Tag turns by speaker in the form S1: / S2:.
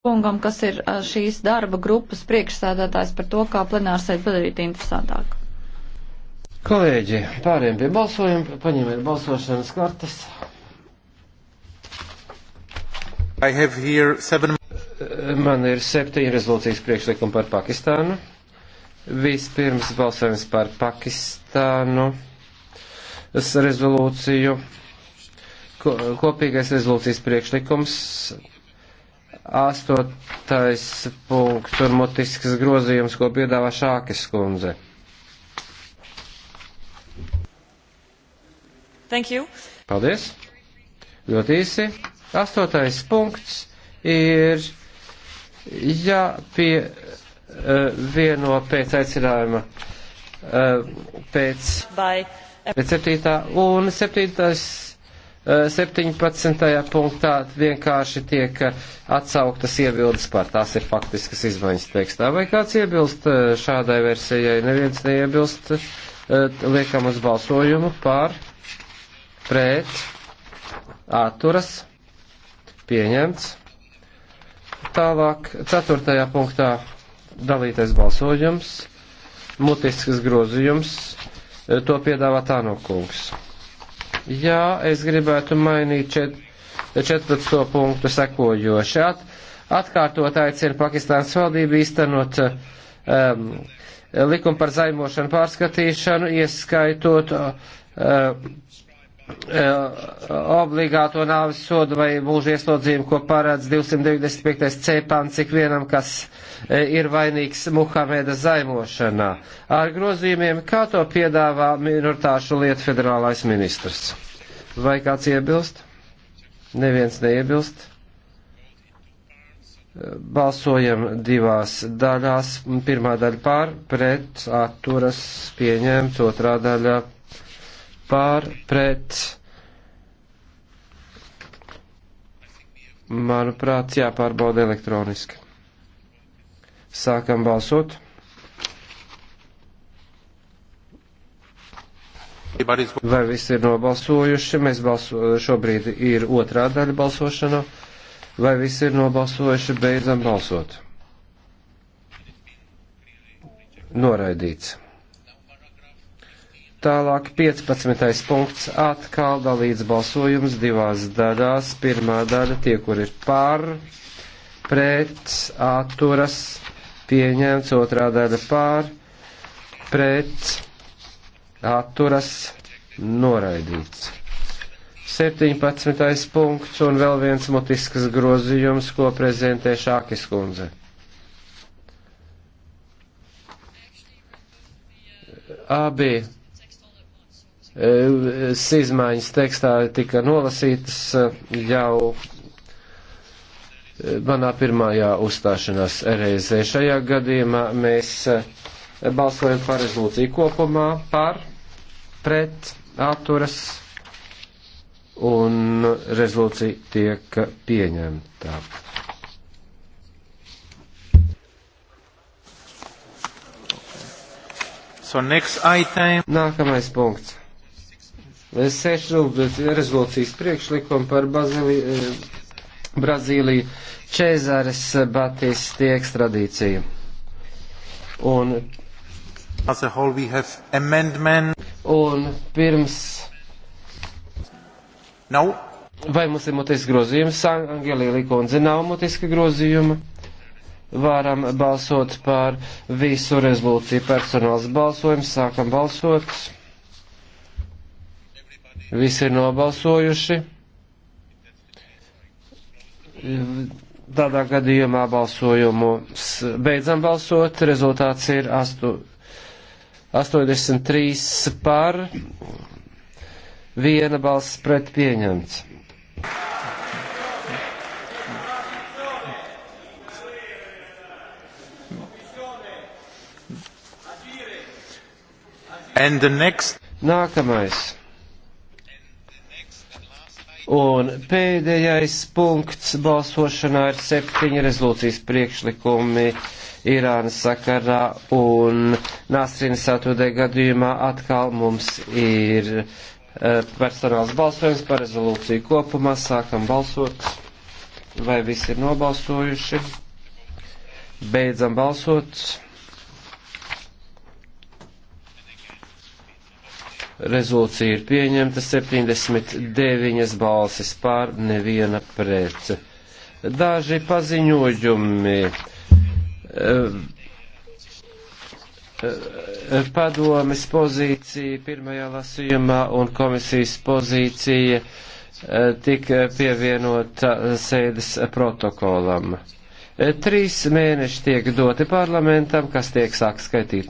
S1: kungam, kas ir šīs darba grupas priekšsēdētājs par to, kā plenārsēdi padarīt interesantāku. Kolēģi, pāriem pie balsojuma, paņemiet balsošanas kartes. Seven... Man ir septiņi rezolūcijas priekšlikumi par Pakistānu. Vispirms balsojums par Pakistānu rezolūciju. Kopīgais rezolūcijas priekšlikums Astotais punkts un mutisks grozījums, ko piedāvā Šākes kundze. Thank you. Paldies. Ļoti īsi. Astotais punkts ir jāpievieno ja uh, pēc aicinājuma uh, pēc, Bye. pēc septītā un septītais 17. Eh, punktā vienkārši tiek eh, atsauktas iebildes par tās ir faktiskas izmaiņas tekstā. Vai kāds iebilst eh, šādai versijai? Neviens neiebilst. Liekam uz balsojumu par, pret, atturas, pieņemts. Tālāk, 4. punktā dalītais balsojums, mutisks grozījums, to piedāvā Tānokungs. Jā, es gribētu mainīt 14. punktu sekojoši. At, atkārtot aicina Pakistānas valdību īstenot um, likumu par zaimošanu pārskatīšanu, ieskaitot uh, Eh, obligāto nāvis sodu vai mūža ieslodzījumu, ko parāds 295. C pants ikvienam, kas eh, ir vainīgs Muhameda zaimošanā, ar grozījumiem, kā to piedāvā minoritāšu lietu federālais ministrs. Vai kāds iebilst? Neviens neiebilst. Eh, balsojam divās daļās. Pirmā daļa pār, pret, atturas, pieņemts, otrā daļa pār pret. Manuprāt, jāpārbauda elektroniski. Sākam balsot. Vai visi ir nobalsojuši? Mēs balso, šobrīd ir otrā daļa balsošana. Vai visi ir nobalsojuši? Beidzam balsot. Noraidīts. Tālāk 15. punkts atkal dalīts balsojums divās daļās. Pirmā daļa tie, kur ir par, pret, atturas, pieņemts, otrā daļa par, pret, atturas, noraidīts. 17. punkts un vēl viens mutisks grozījums, ko prezentē Šākis kundze. Abi izmaiņas tekstā tika nolasītas eh, jau eh, manā pirmajā uzstāšanās reizē. Šajā gadījumā mēs eh, balsojam par rezolūciju kopumā par, pret, atturas un rezolūcija tiek pieņemta. So next item. Nākamais punkts sešrūpdas rezolūcijas priekšlikumu par Bazili, eh, Brazīliju Čēzares Batisti ekstradīciju. Un, As a whole we have amendment. Un pirms. Nav. No. Vai mums ir mutisks grozījums? Angelīla Kundze nav mutiska grozījuma. Varam balsot par visu rezolūciju personāls balsojums. Sākam balsot. Visi ir nobalsojuši. Tādā gadījumā balsojumu beidzam balsot. Rezultāts ir 8, 83 par, viena balss pret pieņemts. Next... Nākamais. Un pēdējais punkts balsošanā ir septiņi rezolūcijas priekšlikumi Irānas sakarā un Nāstrīnas satudē gadījumā atkal mums ir eh, personāls balsojums par rezolūciju kopumā. Sākam balsot. Vai visi ir nobalsojuši? Beidzam balsot. rezolūcija ir pieņemta 79 balsis pār neviena pret. Daži paziņojumi. Eh, eh, padomes pozīcija pirmajā lasījumā un komisijas pozīcija eh, tika pievienota sēdes protokolam. Trīs mēneši tiek doti parlamentam, kas tiek sāk skaitīt.